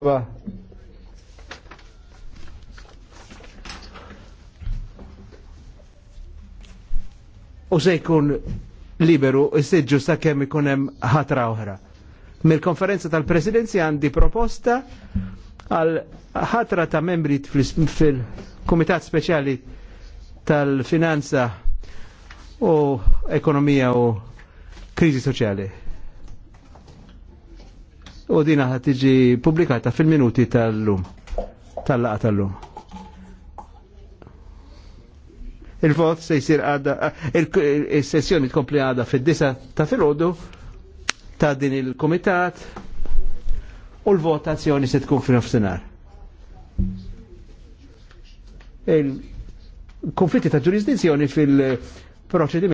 Iva. U se jkun liberu s-sidġu sa' kemm ikun hemm ħatra oħra. Mill-konferenza tal-presidenzi għandi proposta għal ħatra ta' membri fil-Kumitat Speċjali tal-Finanza u Ekonomija u Krizi Soċjali u dina ħat tiġi publikata fil-minuti tal-lum, tal-laqa tal-lum. Il-vot se jisir għada, eh, il-sessjoni tkompli għada fil-disa ta' fil-ħodu ta' din il-komitat u l-votazzjoni se tkun fil-nofsenar. Il-konflitti ta' ġurisdizzjoni fil-proċedimenti